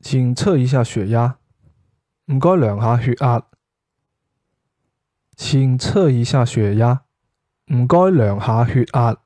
請測一下血壓，唔該量下血壓。請測一下血壓，唔該量下血壓。